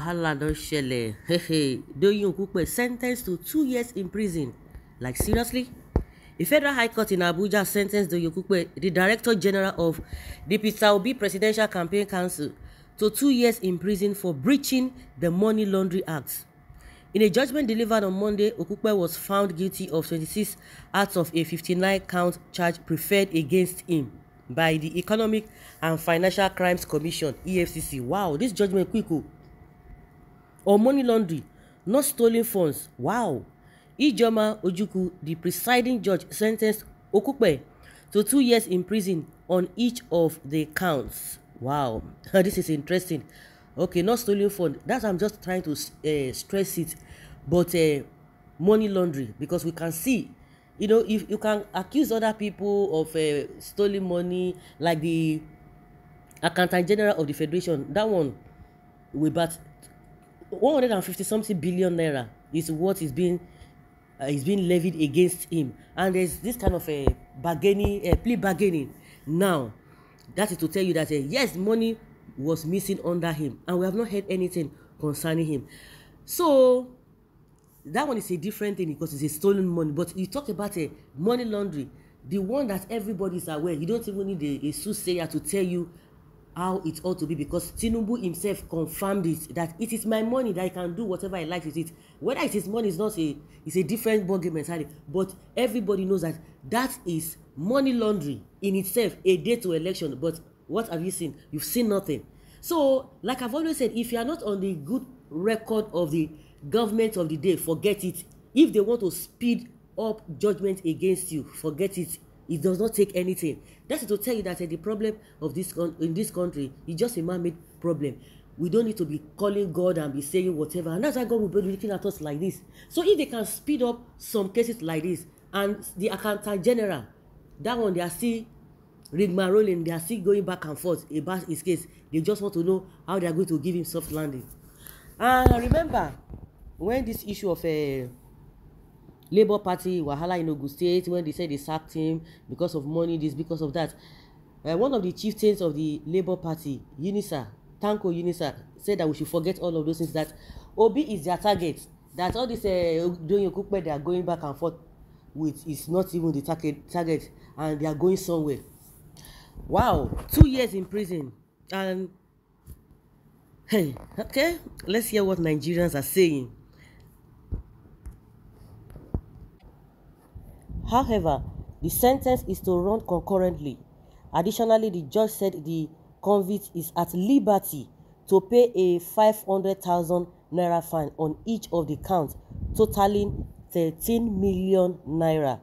wahala don shele hehe doyin okupe sentenced to two years in prison like seriously a federal high court in abuja sentenced doyin okupe the director general of the peter obi presidential campaign council to two years in prison for breaching the money laundering act in a judgment delivered on monday okupe was found guilty of 26 out of a 59 count charge preferred against him by the economic and financial crimes commission efcc wow this judgment quick Oh. or money laundering, not stolen funds. Wow. Ijoma Ojuku, the presiding judge, sentenced Okupe to two years in prison on each of the counts. Wow, this is interesting. Okay, not stolen fund. That's I'm just trying to uh, stress it, but uh, money laundering because we can see, you know, if you can accuse other people of uh, stolen money, like the accountant general of the federation, that one, we bat one hundred and fifty something billion naira is what is being uh, is being levied against him and there's this kind of a uh, bargaining uh, plea bargaining now that is to tell you that uh, yes money was missing under him and we have not heard anything concerning him so that one is a different thing because it's a stolen money but you talk about a uh, money laundry, the one that everybody is aware you don't even need a, a soothsayer to tell you how it ought to be because Tinubu himself confirmed it that it is my money that I can do whatever I like with it. Whether it is money is not a it's a different ballgame entirely. But everybody knows that that is money laundering in itself a day to election. But what have you seen? You've seen nothing. So like I've always said, if you are not on the good record of the government of the day, forget it. If they want to speed up judgment against you, forget it it does not take anything that is to tell you that uh, the problem of this con in this country is just a man-made problem we don't need to be calling God and be saying whatever and that's why God will be looking at us like this so if they can speed up some cases like this and the accountant general that one they are still rigmaroling they are still going back and forth about his case they just want to know how they are going to give him soft landing and remember when this issue of uh, labour party wahala in ogun state when they say they sacked him because of money this because of that uh, one of the chieftains of the labour party unisa tanko unisa said that we should forget all of those things that obi is their target that all this uh, doyin okupe they are going back and forth with is not even the target target and they are going somewhere wow two years in prison and hey okay let's hear what nigerians are saying However, the sentence is to run concurrently. Additionally, the judge said the convict is at liberty to pay a 500,000 naira fine on each of the counts, totaling 13 million naira.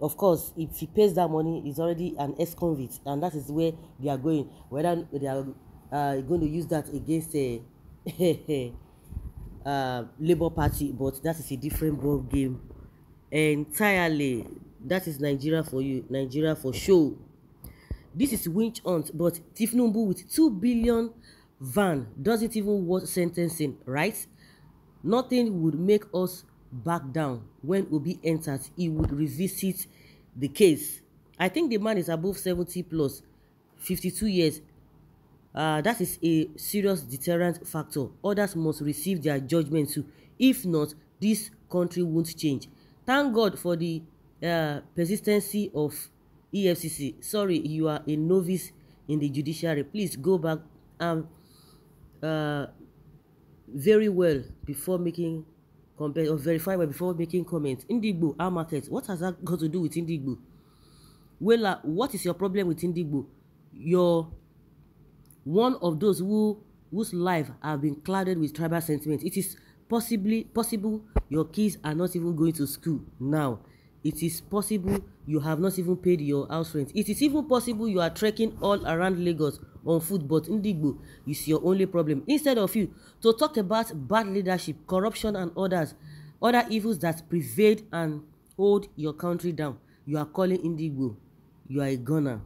Of course, if he pays that money, he's already an ex convict, and that is where they are going. Whether they are uh, going to use that against a uh, Labour Party, but that is a different ball game entirely. That is Nigeria for you, Nigeria for show. This is winch hunt, but Tifnumbu with 2 billion van doesn't even worth sentencing, right? Nothing would make us back down. When Obi enters, he would revisit the case. I think the man is above 70 plus, 52 years. Uh, that is a serious deterrent factor. Others must receive their judgment too. If not, this country won't change. Thank God for the uh, persistency of EFCC. Sorry, you are a novice in the judiciary. Please go back and uh, very well before making compare or verify well before making comments. Indigbo, our market. What has that got to do with Indigbo? Wela, what is your problem with Indigbo? You're one of those who whose life have been clouded with tribal sentiment. It is possibly possible your kids are not even going to school now it is possible you have not even paid your house rent it is even possible you are trekking all around lagos on foot but ndigbo is your only problem instead of you to talk about bad leadership corruption and others other evils that prevailed and hold your country down you are calling ndigbo you are a gunner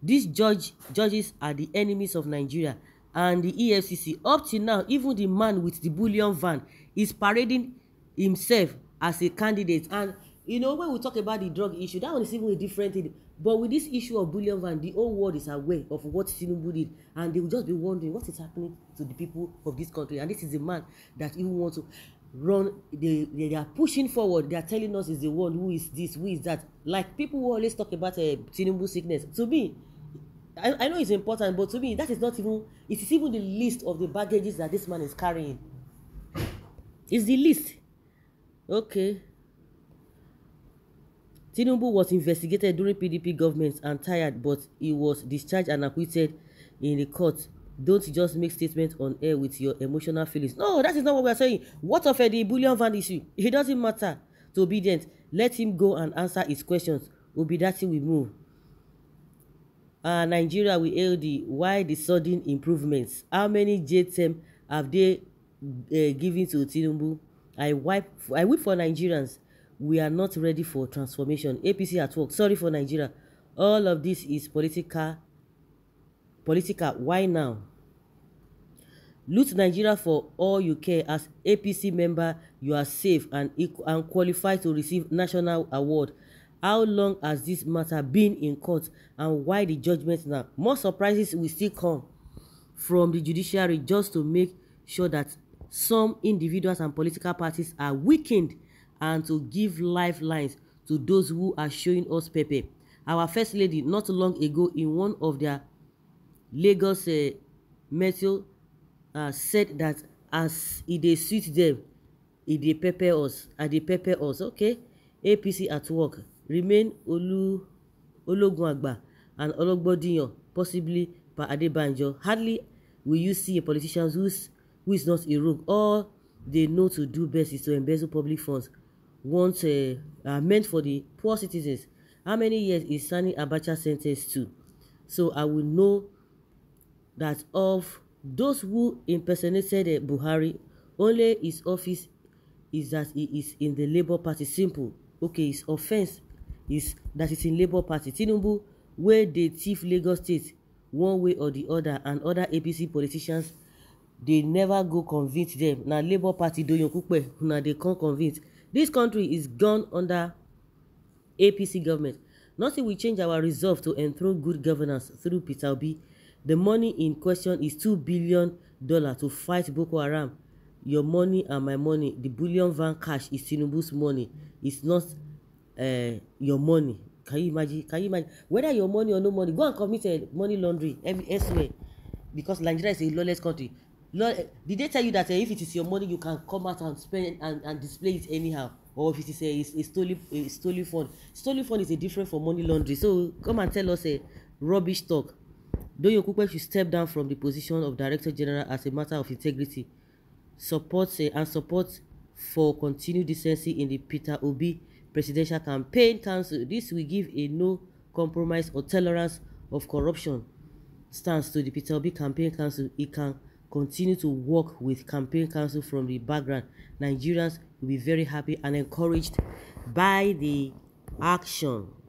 these judge judges are the enemies of nigeria and the efcc up till now even the man with the bullion van is parading himself as a candidate and you know when we talk about the drug issue that one is even a different thing but with this issue of bullion van the whole world is aware of what tinubu did and they will just be wondering what is happening to the people of this country and this is the man that even want to run they, they are pushing forward they are telling us is the one who is this who is that like people who always talk about uh, tinubu sickness to me I, I know it's important but to me that is not even it is even the least of the baggages that this man is carrying it's the least okay. Tinubu was investigated during PDP government and tired, but he was discharged and acquitted in the court. Don't just make statements on air with your emotional feelings. No, that is not what we are saying. What of the bullion van issue? It doesn't matter to obedient. Let him go and answer his questions. Obedati will move. Uh, Nigeria will hail the why the sudden improvements. How many JTM have they uh, given to Tinubu? I wipe I weep for Nigerians we are not ready for transformation apc at work sorry for nigeria all of this is political political why now loot nigeria for all you care as apc member you are safe and equal and qualified to receive national award how long has this matter been in court and why the judgment now more surprises will still come from the judiciary just to make sure that some individuals and political parties are weakened and to give lifelines to those who are showing us pepper. Our First Lady, not long ago, in one of their Lagos uh, metro, uh, said that as e they suit them, e they pepper us, e dey pepper us, okay? APC at work, remain Olu, Ologunagba and Ologbodiyan, possibly by Adebanjo. Hardly will you see a politician who's, who is not a rogue. All they know to do best is to embezzle public funds want uh, are meant for the poor citizens. How many years is Sani Abacha sentenced to? So I will know that of those who impersonated uh, Buhari, only his office is that he is in the Labour Party. Simple. Okay, his offence is that he's in Labour Party. Tinubu where the thief Lagos State one way or the other and other APC politicians they never go convince them. Now Labour Party do doyinkupe Now they can't convince This country is gone under APC government. Nothing will change our resolve to enthrone good governance through Peter Obi. The money in question is two billion to fight Boko Haram. Your money and my money. The billion van cash is Tinubu's money. It's not uh, your money. Can you imagine? Can you imagine? Whether your money or no money, go and commit uh, money laundering every elsewhere. Because Nigeria is a lawless country. Not, eh, did they tell you that uh, if it is your money, you can come out and spend and, and display it anyhow? Or if it is a, eh, a, stolen, a stolen fund? Stolen fund is a different from money laundering. So come and tell us a uh, rubbish talk. Doyo Kupe should step down from the position of Director General as a matter of integrity. Support uh, and support for continued decency in the Peter Obi presidential campaign council. This will give a no compromise or tolerance of corruption stance to the Peter Obi campaign council. It can continue to work with campaign council from the background, Nigerians will be very happy and encouraged by the action